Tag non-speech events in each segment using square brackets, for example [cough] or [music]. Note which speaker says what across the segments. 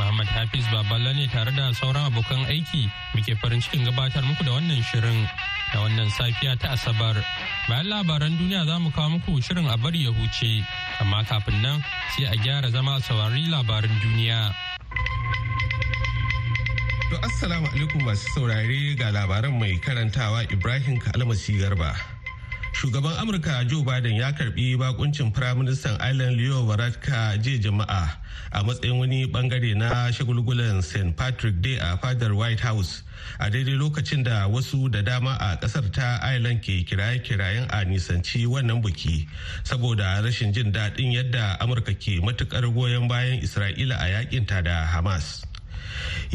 Speaker 1: Muhammad Hafiz Baballa ne tare da sauran abokan aiki muke farin cikin gabatar muku da wannan shirin da wannan safiya ta Asabar. Bayan labaran duniya za mu kawo muku shirin a bari ya huce, amma kafin nan sai a gyara zama saurari labaran duniya.
Speaker 2: To Assalamu alaikum masu saurare ga labaran mai karantawa Ibrahim Kalmasi Garba. shugaban amurka joe biden ya karbi bakuncin firaministan island leo varadkar je jama'a a matsayin wani bangare na shagulgulan st patrick day a fadar white house a daidai lokacin da wasu da dama a kasar ta island ke kiraye-kirayen a nisanci wannan buki saboda rashin jin daɗin yadda amurka ke matukar goyon bayan isra'ila a yakinta da hamas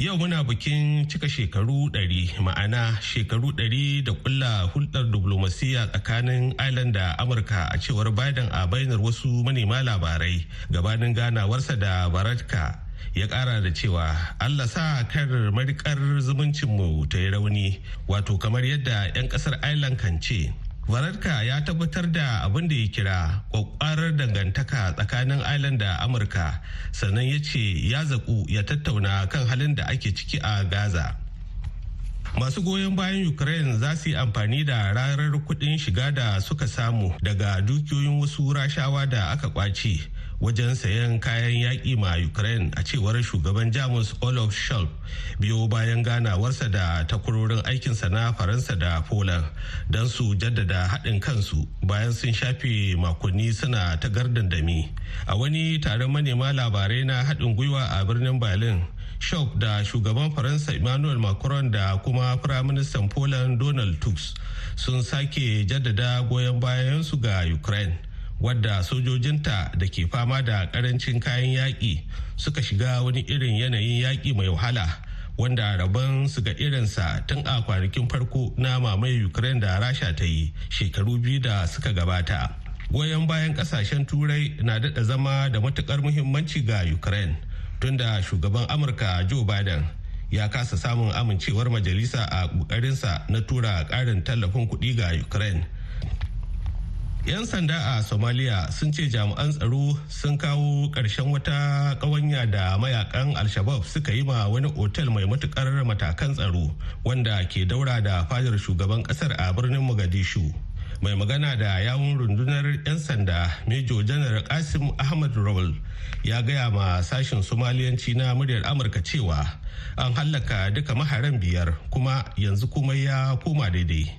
Speaker 2: Yau muna bikin cika shekaru ɗari ma'ana shekaru ɗari da kulla hulɗar diplomasiya tsakanin Ireland da Amurka a cewar Biden a bainar wasu manema labarai gabanin ganawarsa da Baratka ya kara da cewa Allah sa kar marikar zumuncinmu ta yi rauni wato kamar yadda 'yan ƙasar Ireland kan ce Wararka ya tabbatar da abin da ya kira kwakwarar dangantaka tsakanin island da Amurka sannan ya ce ya zaku ya tattauna kan halin da ake ciki a Gaza. Masu goyon bayan Ukraine za su yi amfani da rarar kudin shiga da suka samu daga dukiyoyin wasu rashawa da aka kwace wajen sayan kayan yaƙi ma ukraine a cewar shugaban jamus olaf scholz biyo bayan ganawarsa da takwarorin aikinsa na faransa da poland don su jaddada haɗin kansu bayan sun shafe makonni suna ta gardandami a wani taron manema labarai na haɗin gwiwa a birnin berlin Shock da shugaban Faransa Emmanuel Macron da kuma Firaministan Poland Donald Tusk sun sake jaddada goyon bayansu ga Ukraine wadda sojojinta da ke fama da karancin kayan yaƙi suka shiga wani irin yanayin yaƙi mai wahala wanda rabon su ga irinsa tun a kwanakin farko na mamaye ukraine da rasha ta yi shekaru biyu da suka gabata goyon bayan kasashen turai na daɗa zama da matukar muhimmanci ga ukraine tunda shugaban amurka joe biden ya kasa samun amincewar majalisa a ƙoƙarinsa na tura ƙarin tallafin kuɗi ga ukraine 'Yan sanda a Somalia sun ce jami'an tsaro sun kawo ƙarshen wata ƙawanya da mayakan Alshabab suka yi ma wani otel mai matuƙar matakan tsaro wanda ke daura da fadar shugaban ƙasar a birnin Mogadishu. Mai magana da yawun rundunar 'yan sanda Major Janar Kasim Ahmad Rawal ya gaya ma sashen Somaliyanci na muryar Amurka cewa an hallaka duka maharan biyar kuma yanzu komai ya koma daidai.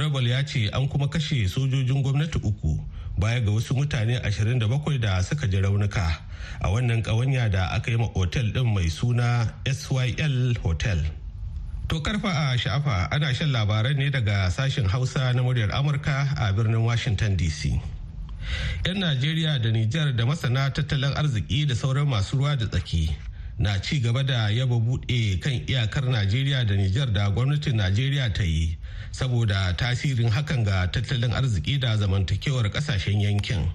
Speaker 2: rabal ya ce an kuma kashe sojojin gwamnati uku baya ga wasu mutane 27 da suka ji raunuka a wannan ƙawanya da aka yi ma otel ɗin mai suna syl hotel to karfa a sha'afa ana shan labaran ne daga sashen hausa na muryar amurka a birnin washington dc 'yan najeriya da nijar da masana tattalin arziki da sauran masu ruwa da tsaki na ci gaba da yaba buɗe kan iyakar najeriya da nijar da gwamnatin najeriya ta yi saboda tasirin hakan ga tattalin arziki da zamantakewar kasashen yankin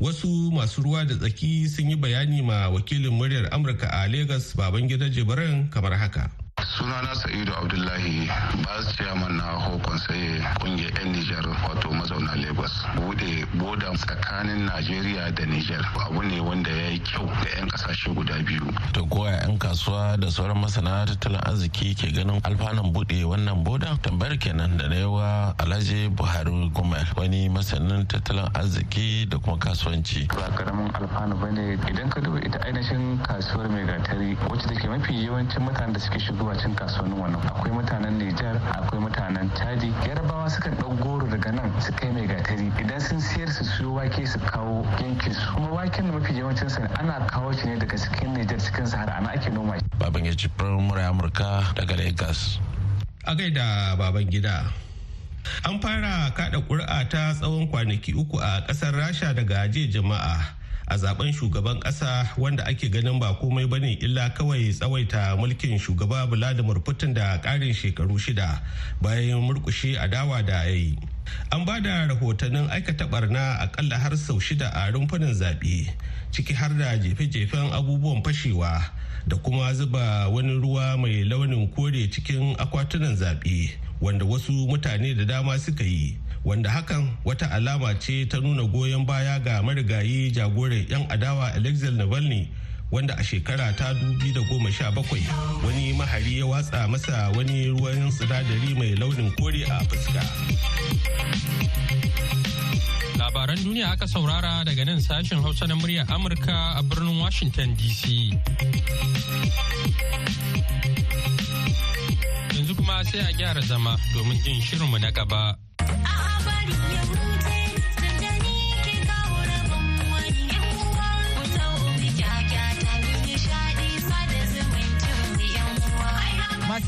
Speaker 2: wasu masu ruwa da tsaki sun yi bayani ma wakilin muryar amurka a lagos babangida jibirin kamar haka sunana sa'idu abdullahi ba su yamma na hukun saye kungiyar yan nijar wato mazauna lagos bude boda tsakanin najeriya da nijar abu ne wanda ya yi kyau da yan kasashe guda biyu to goya yan kasuwa da sauran masana tattalin arziki ke ganin alfanun bude wannan boda tambayar kenan da na yawa alhaji buhari gumel wani masanin tattalin arziki da kuma kasuwanci ba karamin alfanu ne idan ka duba ita ainihin kasuwar mai gatari wacce take mafi yawancin mutanen da suke shigowa 'yan kasuwannin wannan akwai mutanen nijar akwai mutanen chadi yarabawa suka ɗau goro daga nan su kai mai gatari idan sun siyar su siyo wake su kawo yankin su kuma waken da mafi yawancin sa ana kawo shi ne daga cikin nijar cikin sahara ana ake noma shi. baban ya ci amurka daga lagos. a gaida baban gida an fara kada ƙuri'a ta tsawon kwanaki uku a ƙasar rasha daga jiya jama'a a zaben shugaban kasa wanda ake ganin ba komai bane illa kawai tsawaita mulkin shugaba vladimir putin da karin shekaru shida bayan murkushe dawa da ya an ba da rahotannin aikata barna akalla har sau shida a rumfunan zaɓe ciki har da jefe-jefen abubuwan fashewa da kuma zuba wani ruwa mai launin kore cikin akwatunan zaɓe wanda wasu mutane da dama suka yi wanda hakan wata alama ce ta nuna goyon baya ga marigayi jagoran 'yan adawa alexel navalny wanda a shekara ta goma sha bakwai wani mahari ya watsa masa wani ruwan sinadari mai launin kore a fuska
Speaker 1: labaran duniya aka saurara daga nan sashen hausa na muryar amurka a birnin washington dc yanzu kuma sai a gyara zama domin jin shirinmu na gaba.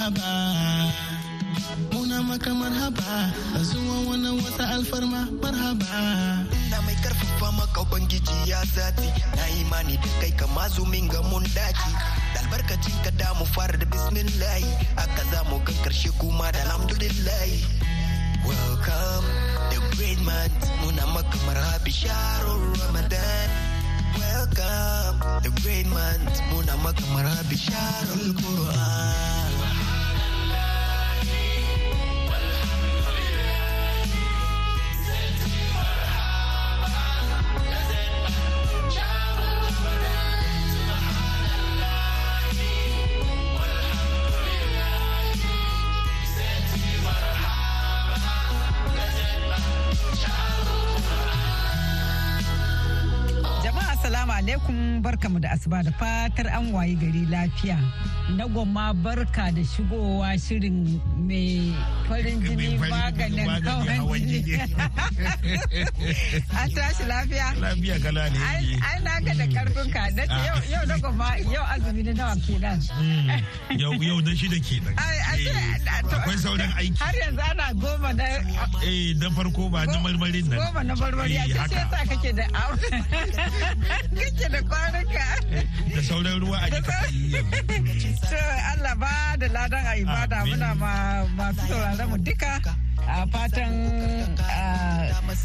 Speaker 3: marhaba muna maka marhaba a zuwa wannan wata alfarma marhaba ina mai karfafa maka ubangiji ya zati na imani da
Speaker 2: kai ka mazumin ga mun daki albarkacin ka da mu fara da bismillahi aka za mu ga karshe kuma da alhamdulillahi welcome the great man muna maka marhabi sharon ramadan welcome the great man, muna maka marhabi sharon qur'an
Speaker 4: barkamu da asuba da fatar an waye gari lafiya. Na goma barka da shigowa shirin mai farin jini maganin hawan jini. [laughs] An tashi lafiya? Lafiya gala ne. Ai na ga da karfin ka. Yau na goma yau azumi na nawa ke nan. Hmm.
Speaker 5: Yau na shida ke nan.
Speaker 4: Eh, akwai sauran aiki. Har yanzu ana goma na. Eh da farko ba na marmarin nan. Goma na marmari. Ya ce sa kake da [laughs] kake da kwarin da sauran ruwa a jikin Allah ba da ladan a ibada muna masu sauraron mu duka a fatan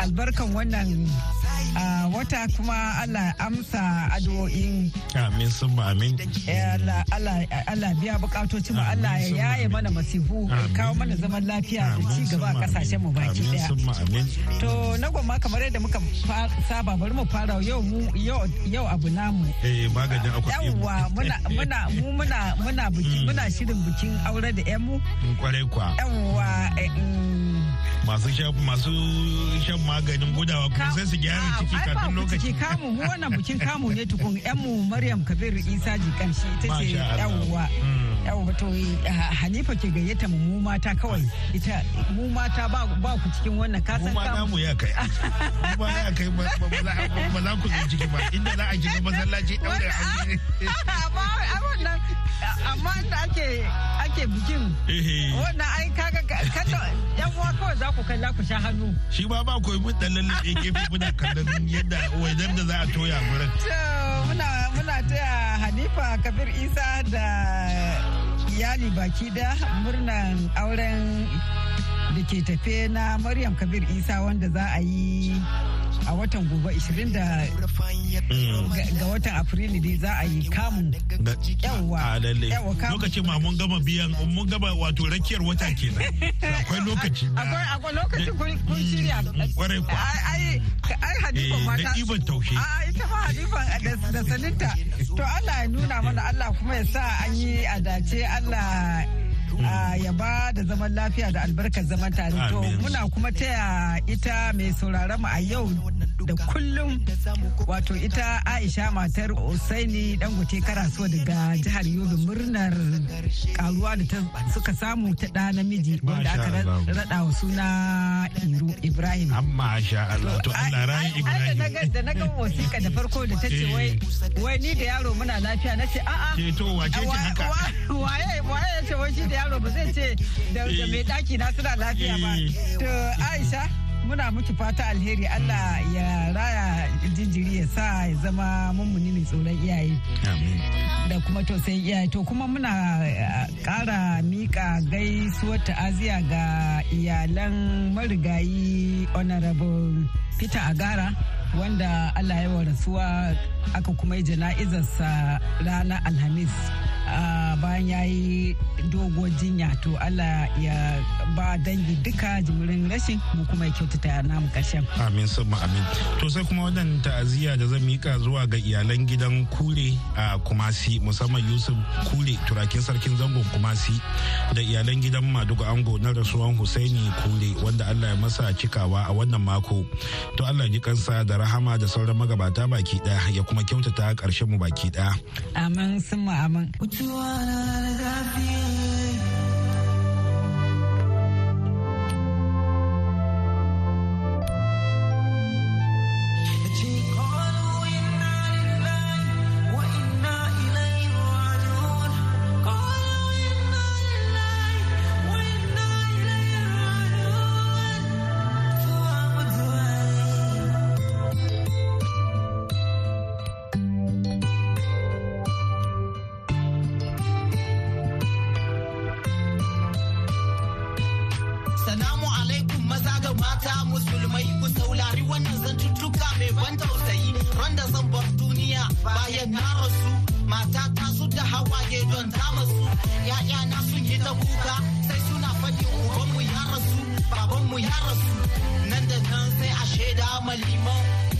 Speaker 4: albarkan wannan wata kuma Allah amsa addu'o'in. Amin summa amin. Allah biya bukatoci mu Allah ya yaye mana masifu kawo mana zaman lafiya da ci gaba a kasashen mu baki daya. To na gwamma kamar yadda muka saba bari mu fara yau mu yau abu namu.
Speaker 5: Eh magajin akwai. Yawwa muna muna mu
Speaker 4: muna muna biki hmm. muna shirin bikin aure da ƴan mu. Kwarai kwa. Yawwa eh, mm.
Speaker 5: masu masu shan maganin gudawa kuma sai su gyara ciki kafin lokaci
Speaker 4: kamu wannan bikin kamu ne tukun yan mu Maryam Kabiru Isa ji kanshi ita ce yawwa mm. yawa to eh, hanifa ke gayyata mu mata kawai ita mu mata ba ku cikin wannan kasan kamu mu mu ya kai
Speaker 5: ba ya kai ba za ku zo ciki ba inda za a gina masallaci daure [laughs]
Speaker 4: aure amma wannan amma da ake ake bikin wannan ai kaga kada yan uwa kawai za ku kalla ku sha hannu shi ba ba
Speaker 5: koyi mun dan lalle gefe muna kallon yadda wajen da za a toya gurin
Speaker 4: muna muna taya Hanifa Kabir Isa da iyali baki da murnan auren da ke tafe na Maryam Kabir Isa wanda za a yi a watan gobe 20 da ga watan afrilu dai za a yi kamu yawa lokacin ma mun gama biyan mun
Speaker 5: gama wato rakiyar wata kenan akwai lokaci akwai
Speaker 4: lokaci kun shirya mm, mm, kwarai kwa ai ai hadifa eh, mata da ibon taushe a ita fa hadifa da salinta to Allah ya nuna mana Allah kuma ya sa an yi a dace Allah a yaba da zaman lafiya da albarkar zaman tare to muna kuma taya ita mai sauraron mu a yau da kullum wato ita aisha matar usaini dangote karasuwa daga jihar yobe murnar karuwa da ta suka samu ta ɗa namiji wanda aka rada wa suna iru ibrahim amma
Speaker 5: ah, sha Allah to Allah rai ibrahim
Speaker 4: da na ga wasiƙa da farko da ta ce eh. wai ni da yaro muna lafiya na ce a'a ke to wace ce haka waye shi da yaro ba zai ce da mai daki eh. na suna lafiya ba eh. to aisha muna miki fata alheri Allah ya raya jinjiri ya sa ya zama mummuni mai tsoron iyaye da kuma sai iyaye to kuma muna kara eh, mika gaisuwar ta'aziya ga iyalan marigayi honorable peter agara wanda Allah ya wa rasuwa aka kuma yi jana'izarsa ranar alhamis Ah, bayan ya yi dogon jinya to Allah ya ba dangi duka jimirin rashin mu kuma ya kyautata namu karshen.
Speaker 5: Amin sabba amin. To sai kuma wannan ta'aziyya da zan mika zuwa ga iyalan gidan kure a Kumasi musamman Yusuf Kure turakin sarkin zangon Kumasi da iyalan gidan Maduga Ango na rasuwan Husaini Kure wanda Allah ya masa cikawa a wannan mako. To Allah ji kansa da rahama da sauran magabata baki daya ya kuma kyautata karshen mu
Speaker 4: baki daya. Amin sun amin. You wanna that you.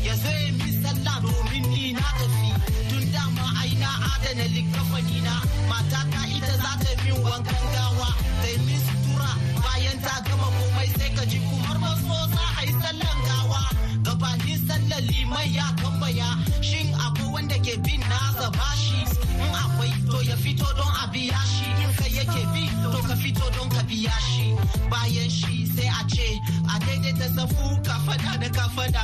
Speaker 3: ya zo ya min sallah domin ni na tafi tun dama ai na adana likafani na mata ta ita za ta min wankan gawa ta min sutura bayan ta gama komai sai ka ji kumar maso za a yi sallan gawa gabanin sallar liman ya tambaya shin akwai wanda ke bin nasa bashi shi in akwai to ya fito don a biya shi in kai yake bi to ka fito don ka biya shi bayan shi sai a ce a daidaita safu kafada da kafada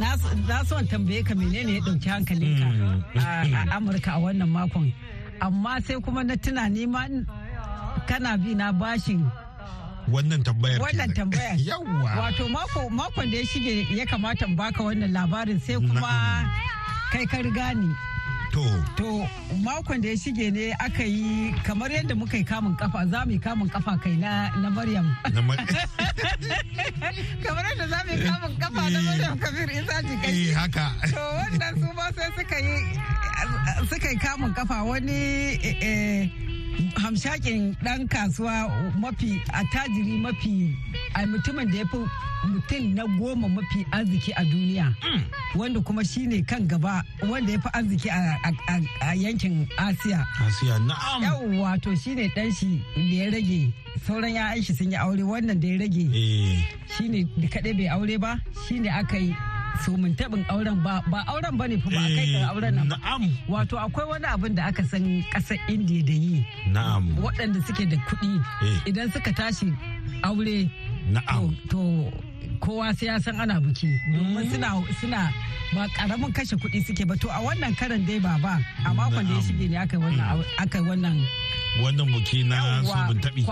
Speaker 4: na so tambaye ka menene ya dauki hankalinka hmm. a Amurka a wannan makon amma sai kuma na tuna ma kana bi na bashin wannan tambayar wannan tambayar [laughs] yawa wato mako makon da ya shige ya kamata in baka wannan labarin sai kuma kai ka riga ni To. To makon da ya shige ne aka yi kamar yadda muka yi kamun kafa za mu yi kamun kafa kai na na Maryam. [laughs] Kamar yadda za mu yi kamun kafa na Maryam Kabir Isa Jikai. Eh haka. To wannan su ma sai suka yi suka yi kamun kafa wani eh, eh hamsakin dan kasuwa mafi attajiri mafi a mutumin da ya fi mutum na goma mafi arziki a duniya hmm. wanda kuma shine kan gaba wanda ya fi arziki a yankin asiya asiya na'am yawwa to shine dan shi da ya rage sauran ya aishi sun yi aure wannan da ya rage eh. shine da kaɗai bai aure ba shine aka yi so mun auren ba ba auren bane fa ba kai ga eh, auren nan na'am wato akwai wani abin da aka san ƙasa indiya da yi na'am waɗanda suke da kuɗi eh. idan suka tashi aure na'am to kowa sai ya san ana buki domin suna suna ba karamin kashe kuɗi suke ba to a wannan karan dai ba ba a makon da ya shige ne aka wannan mm. aka wannan
Speaker 5: wannan buki na subun tabi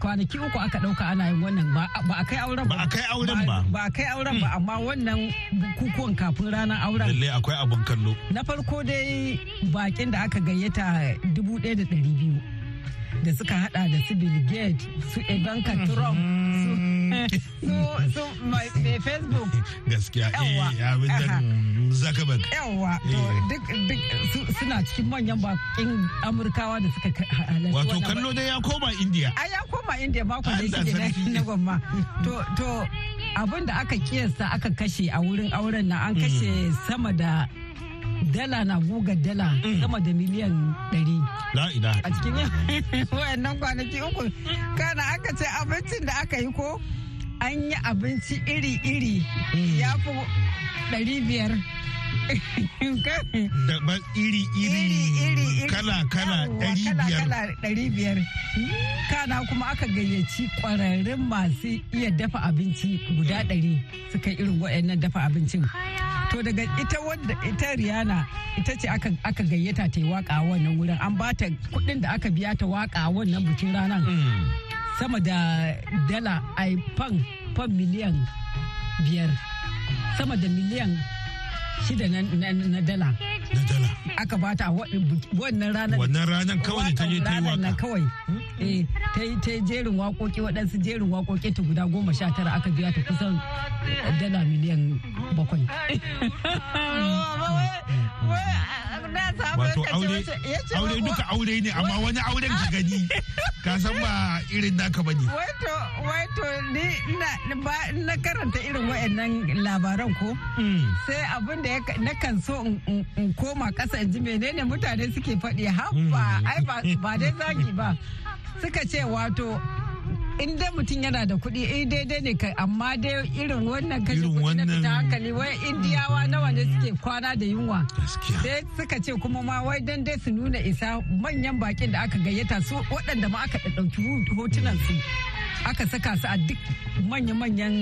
Speaker 4: kwanaki uku aka dauka ana yin wannan ba a kai auren ba ba a kai auren ba ba a kai auren ba amma wannan bukukuwan kafin ranar auren lalle
Speaker 5: akwai abun kallo
Speaker 4: na farko dai bakin da aka gayyata dubu ɗaya da ɗari biyu da suka hada da su bill gates su ivanka trump su mai facebook
Speaker 5: gaskiya eh,
Speaker 4: zuckerberg yawa eh. duk duk suna cikin manyan bakin amurkawa da suka halarci wato kallo da ya koma india a ya koma india mako da da na gomma to abin da aka kiyasta aka kashe a wurin auren na an kashe sama da dala na guga dala sama da miliyan ɗari. A cikin [laughs] wayannan kwanaki uku kana aka ce abincin da aka yi ko an yi abinci iri-iri mm. ya fi 500 [laughs] Daban iri-iri kala-kala ɗari biyar. Kana kuma aka gayyaci kwararrun masu iya dafa abinci guda ɗari suka irin waɗannan dafa abincin. to daga ita wadda ita Rihanna ita ce aka aka gayyata ta yi waka wannan wurin an ba ta kuɗin da aka biya ta waka wannan bikin ranar sama da dala ai fan fan miliyan biyar sama da miliyan shida na dala na dala aka ba ta wannan ranar wannan ranar kawai ta je ta yi waka kawai hmm? eh, ta yi jerin wakoki waɗansu jerin wakoki ta guda goma sha tara aka biya ta kusan dala miliyan bakwai [laughs] wato aure aure duka aure ne amma wani aure ka gani ka san ba irin naka ba ne wato wato ni na karanta irin waɗannan labaran ko hmm. sai abin da na kan so in koma ƙasa in ji menene mutane suke faɗi haba hmm. ai ba dai zagi ba suka ce wato in dai mutum yana da kuɗi eh daidai ne kai amma dai irin wannan kashe kuɗi na fita hankali wai indiyawa nawa ne suke kwana da yunwa sai suka ce kuma ma wai dan dai su nuna isa manyan bakin da aka gayyata su waɗanda ma aka ɗauki hotunan su aka saka su a duk manya-manyan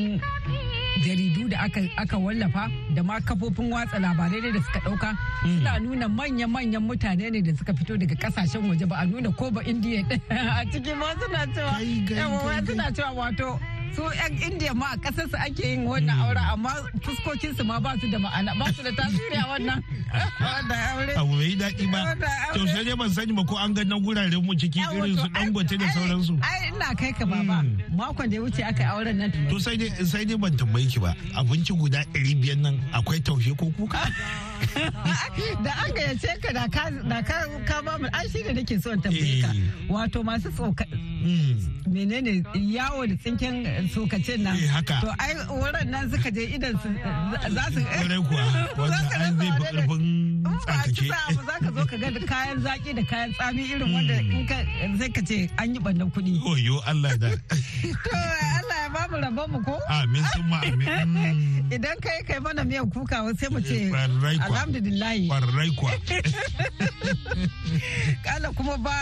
Speaker 4: jaridu da aka wallafa da ma kafofin watsa labarai ne da suka dauka hmm. suna nuna manya-manyan mutane ne da suka fito daga kasashen waje ba a nuna ko ba indiya [laughs] a cikin ma suna cewa wato su yan indiya ma a kasar su ake yin wannan mm. aure amma fuskokin su ma ba su da ma'ana ba su da tasiri a wannan
Speaker 5: [laughs] aure abu bai daɗi ba to sai dai ban sani ba ko an ga nan guraren mu ciki irin su dangote da sauransu
Speaker 4: ai ina kai ka baba mm. makon da ya wuce aka auren nan
Speaker 5: to sai dai sai dai ban tambaye ki ba abinci guda 500 nan akwai taushe ko kuka
Speaker 4: [laughs] da an gayyace ka da ka ka ba mu ai shi da nake so in tambaye ka eh. wato masu tsoka mm. menene yawo da tsinken tsokacin nan. Eh, to ai wurin nan suka je idan su za su Wurin kuwa [laughs] wanda an zai fi karfin tsakake. za ka zo ka ga kayan zaki da kayan tsami irin hmm. wanda in ka sai ka ce an yi bannan kuɗi. Oyo Allah da. [laughs] To Allah ya bamu rabon mu ko? Amin sun ma amin. [laughs] Idan kai kai mana miyan kuka sai mu ce eh, alhamdulillahi. Kwarai kuwa. Kala kuma ba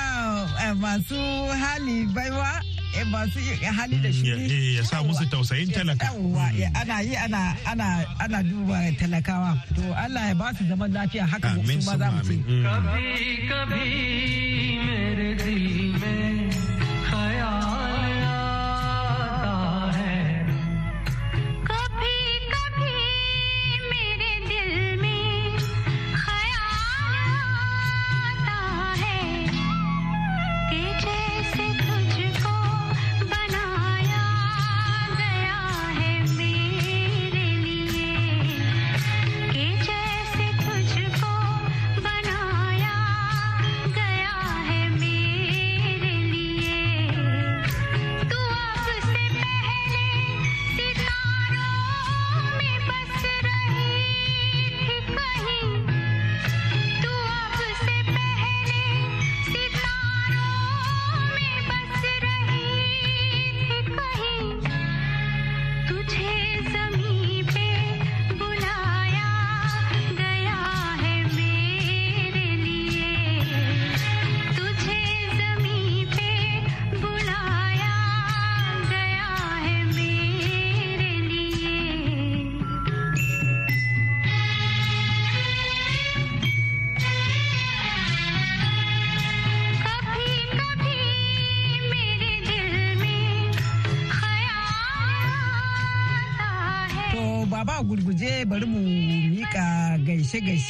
Speaker 4: eh, masu hali baiwa Eh, masu hali da shi
Speaker 5: mm, ya sa musu tausayin talaka
Speaker 4: mm. ana yi ana ana ana duba talakawa to Allah ya ba su zaman lafiya haka su ma za mu ci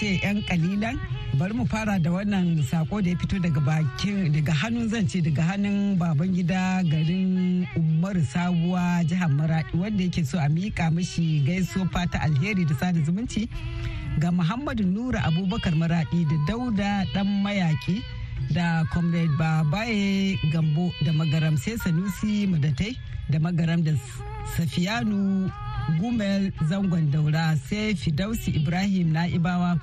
Speaker 4: ce 'yan kalilan bari mu fara da wannan sako da ya fito daga bakin daga hannun zance daga hannun baban gida garin Umar sabuwa jihar maradi wanda yake so a miƙa mishi gaisuwa fata alheri da sada zumunci ga muhammadu nura abubakar Maraɗi da dauda dan mayaki da comrade babaye gambo da magaram sai sanusi madatai da magaram da safiyanu gumel zangon daura sai fidausi ibrahim na'ibawa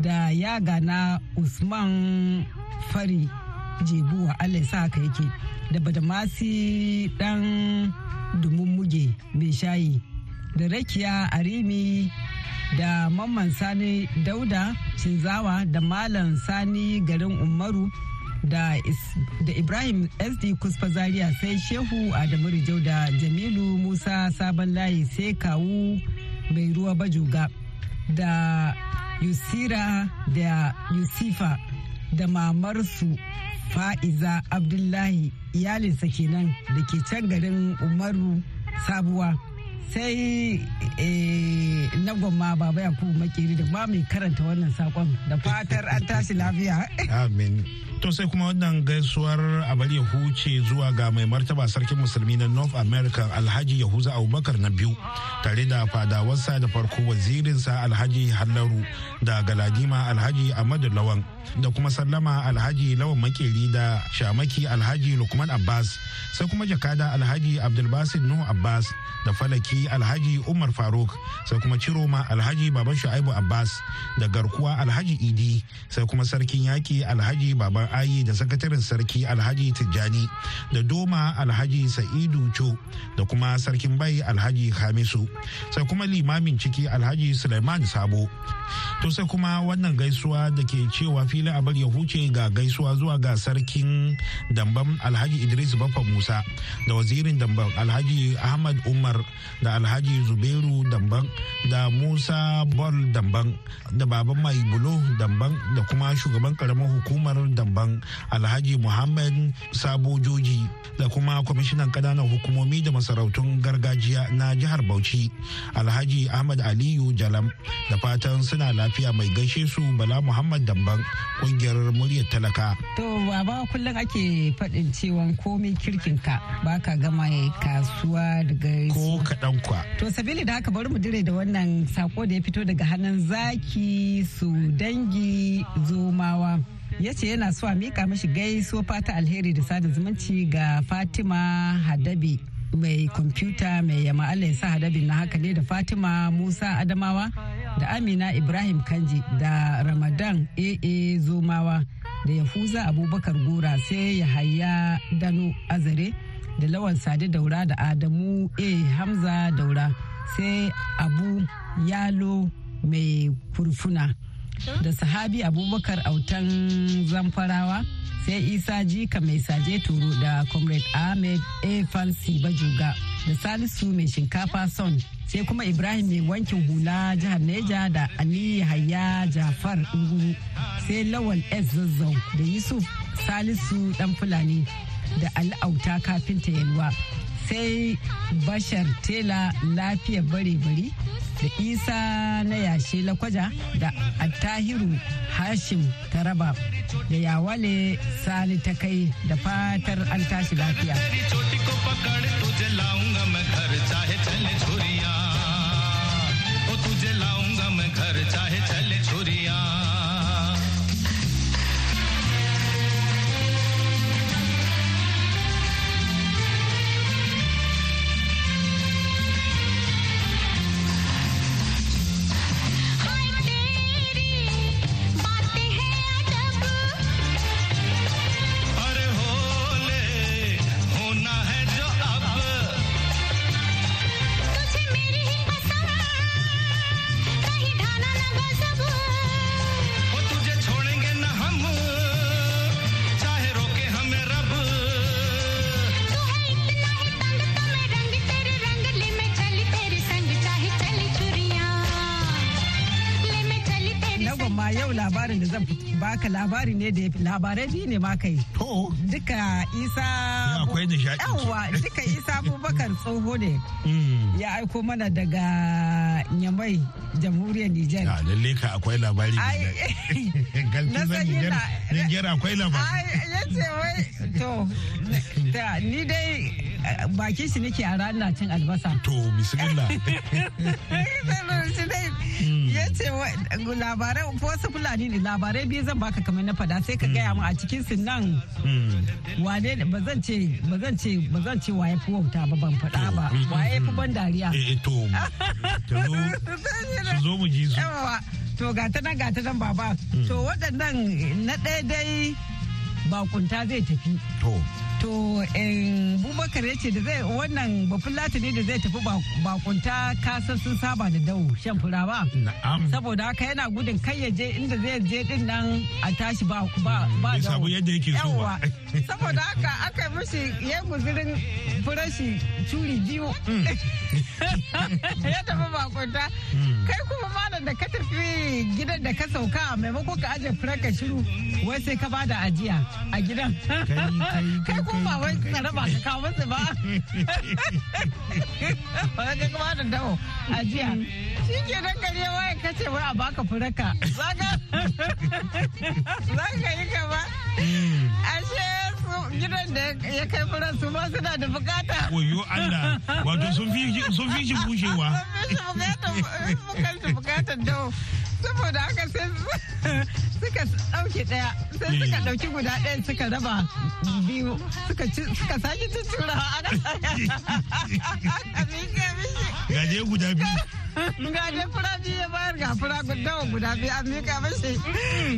Speaker 4: da ya gana usman fari jebuwa allah sa haka yake da badamasi dan dumummuge mai shayi da rakiya arimi da mamman sani dauda cinzawa da malam sani garin umaru da, da ibrahim sd kusfa zaria sai shehu adamu rijau da jamilu musa sabon layi sai kawu mai ruwa bajuga da yusira da yusifa da mamarsu fa'iza abdullahi iyalinsa kenan da ke can garin umaru sabuwa sai eh, na gwamma baba ku makeri da ba mai karanta wannan sakon da fatar an tashi lafiya amin To sai kuma wannan gaisuwar a bari
Speaker 5: ya huce zuwa ga mai martaba sarkin musulmi na North America Alhaji Yahuza Abubakar na biyu tare da fadawarsa da farko wazirinsa Alhaji Hallaru da Galadima Alhaji Ahmadu Lawan da kuma sallama Alhaji Lawan Makeri da Shamaki Alhaji Lukman Abbas sai kuma jakada Alhaji Abdulbasin Nuhu Abbas da Falaki Alhaji Umar Faruk sai kuma Ciroma Alhaji Baban Shu'aibu Abbas da garkuwa Alhaji Idi sai kuma sarkin yaki Alhaji Baban ayi da sakataren sarki alhaji tijjani da doma alhaji sa'idu co da kuma sarkin bai alhaji hamisu sai kuma limamin ciki alhaji suleiman sabo to sai kuma wannan gaisuwa da ke cewa fili abar ya huce ga gaisuwa zuwa ga sarkin dambam alhaji idris baffa musa da wazirin dambam alhaji ahmad umar da alhaji zubairu dambam da musa bol dambam da baban mai bulo dambam da kuma shugaban karamar hukumar dambam daban alhaji muhammad sabo joji da kuma kwamishinan kananan hukumomi da masarautun gargajiya na jihar bauchi alhaji ahmad aliyu jalam da fatan suna lafiya mai gaishe su bala muhammad damban kungiyar muryar talaka
Speaker 4: to baba kullum ake faɗin cewa komai kirkin ka baka gama kasuwa daga ko kaɗan kwa to sabili da haka bari mu dire da wannan sako da ya fito daga hannun zaki su dangi zomawa ya ce yana so a mika mashi gaisuwa fata alheri da sada zumunci ga fatima hadabi mai kwamfuta mai yama Allah ya sa hadabin na haka ne da Fatima Musa Adamawa da Amina Ibrahim Kanji da Ramadan AA Zomawa da Yahuza Abubakar Gora sai ya haya Dano Azare da Lawan sadi Daura da Adamu A Hamza Daura sai Abu Yalo mai kurfuna. da sahabi abubakar autan zamfarawa sai isa jika mai saje turu da comrade ahmed a falsi bajuga da salisu mai shinkafa son sai kuma ibrahim mai wankin hula jihar neja da ali hayya jafar inguru sai lawal s zazzau da yusuf salisu dan fulani da ali auta kafinta yalwa sai bashar tela lafiya bare-bare da isa na yashe lakwaja da attahiru hashim taraba da yawale sali ta kai da fatar an tashi lafiya amma yau labarin da zan baka labari ne da labarai biyu ne ma kai. To. Duka Isa. Akwai nishaɗi. Yawwa duka Isa Abubakar tsoho ne. Hmm. Ya aiko mana daga Nyamai jamhuriyar Nijar. Ya
Speaker 5: lalle ka akwai labari. ne san yana. Nijar akwai labari. Ai
Speaker 4: yace wai to. Ni dai bakin shi nake a ranar cin albasa. To bisimila [laughs] Ya ce labarai wasu fulani ne labarai biyu zan baka kamar na fada sai ka hmm. gaya mu a cikin su nan hmm. wane ba zan ce ba zan ce ba ce waye fi wauta ba ban faɗa ba hmm. waye fi ban dariya. Eh, eh to su zo mu ji su. To ga ta nan ga ta nan baba. To waɗannan na ɗaya dai bakunta zai tafi. To. to eh, bubakar ya ce da zai wannan bafin latini da zai tafi bakunta kasar sun saba da dau shan fura ba saboda haka yana gudun kai ya je inda zai je din nan a tashi ba ba ba da saboda haka aka mishi ya guzirin farashi curi biyu mm. [laughs] ya tafi bakunta mm. kai kuma malam da ka tafi gidan da ka sauka maimakon ka aje fura ka shiru wai sai ka bada ajiya a gidan kai [laughs] kuma ba wai tsara ba ka kawo musu ba wai ka kuma da dawo ajiya shi ke nan gari wai ka ce wai a baka fura ka zaka [laughs] yi ka ba mm. ashe gidan da ya kai furen su ma suna da bukata. Oyo Allah wato sun fi shi bushewa. Sun bukata dau. Saboda haka sai suka ɗauki ɗaya sai suka eh. ɗauki guda ɗaya suka raba biyu suka sake tuttura a ƙasa. Gaje guda biyu. Ga dai biyu ya bayar ga fura guda biyu an mika mashi.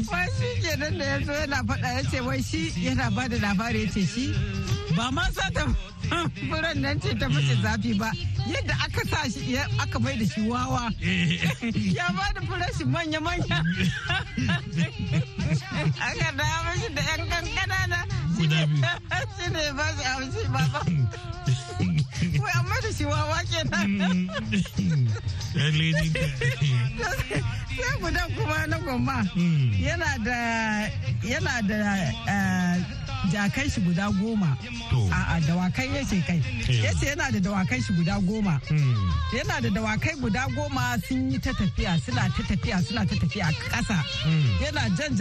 Speaker 4: Wai shi ke nan da ya zo yana faɗa ya ce wai shi yana ba da labari ya ce shi ba ma sa ta furan nan ce ta mace zafi ba yadda aka sa shi aka da shi wawa ya ba da shi manya-manya. Aka da mashi da 'yan kankana na. Shi ne ba shi haushi ba. wai amma da shi wawa kenan mm. sai gudan kuma na gomma yana da yana da eh, jakan shi guda goma a dawakai ya ce kai eh. ya ce yana da dawakai shi guda goma hmm. yana da dawakai guda goma sun yi ta tafiya suna ta tafiya suna ta tafiya ƙasa hmm. yana jan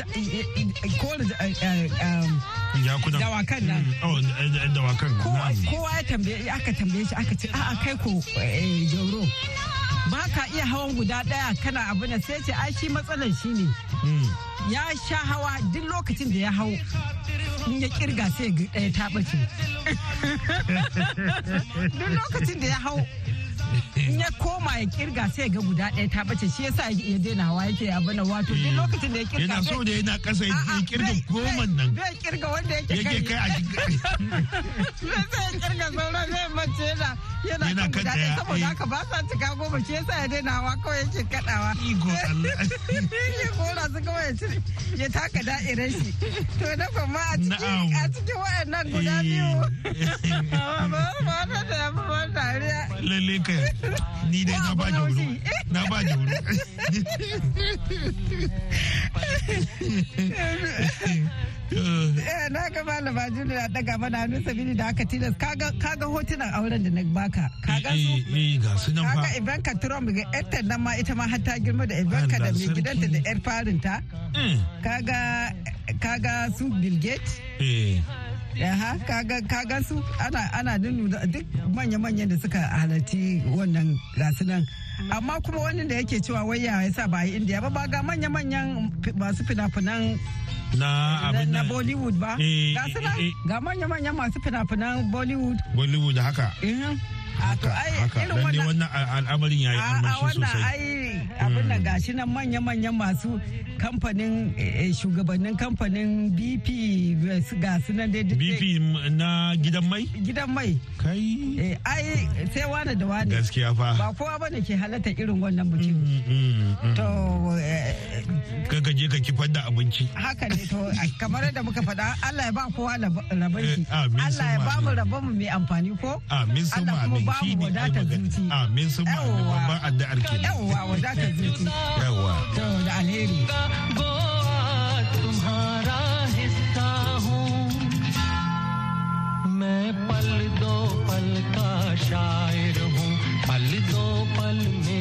Speaker 4: dawakan nan hmm. oh,
Speaker 5: eh,
Speaker 4: eh, kowa ya tambaye aka tambaye shi aka ce a kai ko jauro ba ka iya hawan guda daya kana abu na sai ce ai shi matsalar shi ne ya sha hawa duk lokacin da ya hau in ya kirga sai ya taɓa eh, ta
Speaker 3: [laughs] duk lokacin da ya hau
Speaker 4: in ya koma ya kirga sai ga guda ɗaya ta bace shi yasa ya daina hawa yake ya bana wato duk lokacin da ya kirga yana so da yana kasa ya kirga goma nan kirga wanda yake kai a cikin sai [laughs] ya kirga sauran zai mace yana yana kan guda ɗaya saboda eh. haka ba sa cika goma shi yasa ya daina hawa kawai yake ke kaɗawa Allah [laughs] yake kora su kawai ya ya taka da'irar shi to na kuma a cikin a cikin waɗannan guda biyu
Speaker 5: eh. [laughs] ba
Speaker 4: ba ba ba
Speaker 5: ni dai na ba da wuri
Speaker 4: na ba da eh na ga malama jini na daga mana hannu sabili da aka tilas kaga hotunan auren da na baka kaga su kaga eh, eh, ivanka trump ga yarta nan ma ita ma har ta girma da ivanka da mai gidanta da yar farinta eh. kaga su bill gates Eh, kaga su ana nunu duk manya-manyan da suka halarci wannan gasunan amma kuma wannan da yake cewa wai ya sa ba yi indiya ba ba ga manya-manyan masu fina-finan na na bollywood ba eh, eh, ga manya-manyan masu fina-finan bollywood bollywood haka a to irin wannan al'amarin yayi armashi sosai abin da gashi nan manya-manyan masu kamfanin eh, eh, shugabannin kamfanin BP eh, ga su nan dai BP na gidan mai gidan mai kai ai sai wani da wani gaskiya fa ba kowa bane ke halatta irin wannan bikin mm, mm, mm, to
Speaker 5: ka je ka kifar da abinci
Speaker 4: haka ne to kamar da muka faɗa Allah ya ba kowa rabon shi Allah ya ba mu rabon mu mai amfani ko amin suma amin amin shi ne ai magana amin sun ba ni babban addu'ar ke yawa wadatar zuci yawa to da alheri
Speaker 3: तुम्हारा हिस्सा हूँ मैं पल दो पल का शायर हूँ पल दो पल
Speaker 1: में